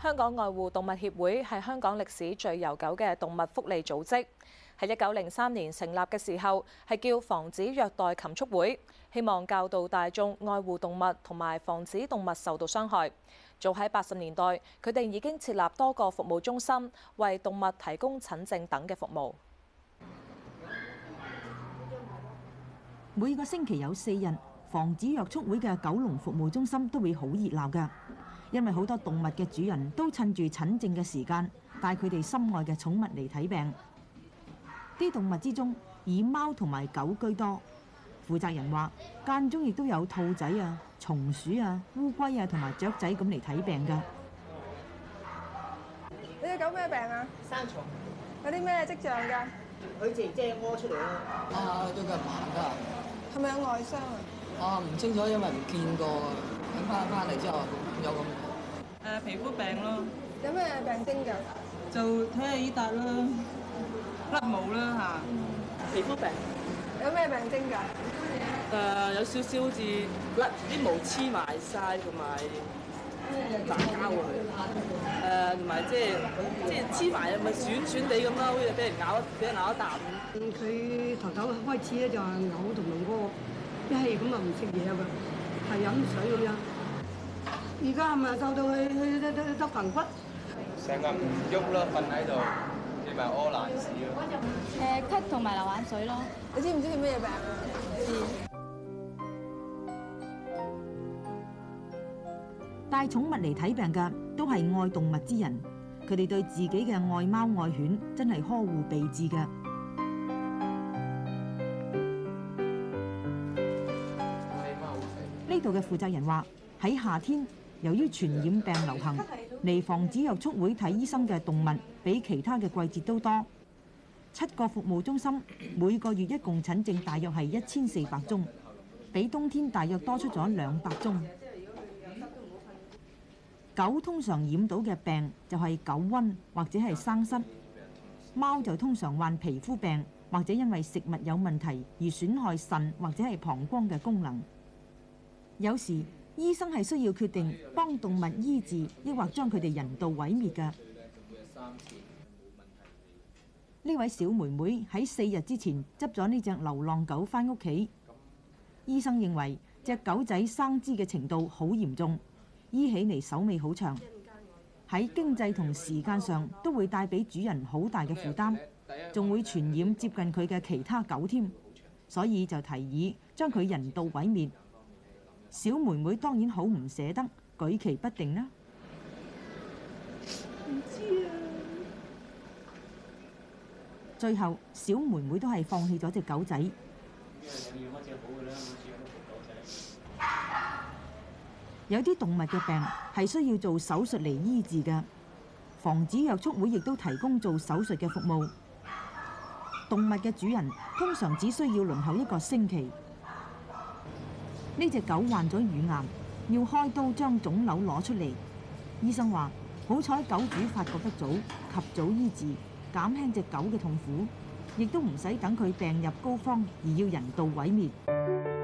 香港愛護動物協會係香港歷史最悠久嘅動物福利組織，喺一九零三年成立嘅時候係叫防止虐待禽畜會，希望教導大眾愛護動物同埋防止動物受到傷害。早喺八十年代，佢哋已經設立多個服務中心，為動物提供診症等嘅服務。每個星期有四日，防止虐畜會嘅九龍服務中心都會好熱鬧㗎，因為好多動物嘅主人都趁住診症嘅時間帶佢哋心愛嘅寵物嚟睇病，啲動物之中以貓同埋狗居多。負責人話間中亦都有兔仔啊、松鼠啊、烏龜啊同埋雀仔咁嚟睇病噶。你隻狗咩病啊？生蟲。有啲咩跡象噶？佢自己屙出嚟咯。啊，最近唔好啊。係咪有外傷啊？我唔、哦、清楚，因為唔見過。等翻翻嚟之後有咁。誒、呃、皮膚病咯，有咩病徵㗎？就睇下呢達啦，甩毛啦吓？啊、皮膚病。有咩病徵㗎？誒、呃，有少少好似甩啲毛黐埋晒，同埋打交喎。誒、嗯，同埋即係即係黐埋啊，咪閃閃地咁咯，好似俾人咬，俾人咬一啖。佢、嗯、頭頭開始咧就係嘔同嘔，一係咁啊，唔食嘢噶，係飲水咁樣。而家係咪瘦到去去得得得棚骨？成日唔喐咯，瞓喺度，你咪屙爛屎咯。誒，咳同埋流眼水咯。你知唔知佢咩病？知。帶寵物嚟睇病㗎，都係愛動物之人。佢哋對自己嘅愛貓愛犬，真係呵護備至㗎。呢度嘅負責人話：喺夏天，由於傳染病流行，嚟防止虐畜會睇醫生嘅動物比其他嘅季節都多。七個服務中心每個月一共診症大約係一千四百宗，比冬天大約多出咗兩百宗。狗通常染到嘅病就係狗瘟或者係生蝨，貓就通常患皮膚病或者因為食物有問題而損害腎或者係膀胱嘅功能。有時醫生係需要決定幫動物醫治，抑或將佢哋人道毀滅嘅。呢位小妹妹喺四日之前執咗呢隻流浪狗返屋企。醫生認為隻狗仔生肢嘅程度好嚴重，醫起嚟手尾好長，喺經濟同時間上都會帶俾主人好大嘅負擔，仲會傳染接近佢嘅其他狗添，所以就提議將佢人道毀滅。小妹妹當然好唔捨得，舉棋不定啦。唔知啊。最後，小妹妹都係放棄咗隻狗仔。有啲動物嘅病係需要做手術嚟醫治嘅，防止虐畜會亦都提供做手術嘅服務。動物嘅主人通常只需要輪候一個星期。呢隻狗患咗乳癌，要開刀將腫瘤攞出嚟。醫生話，好彩狗主發覺得早，及早醫治，減輕隻狗嘅痛苦，亦都唔使等佢病入膏肓，而要人道毀滅。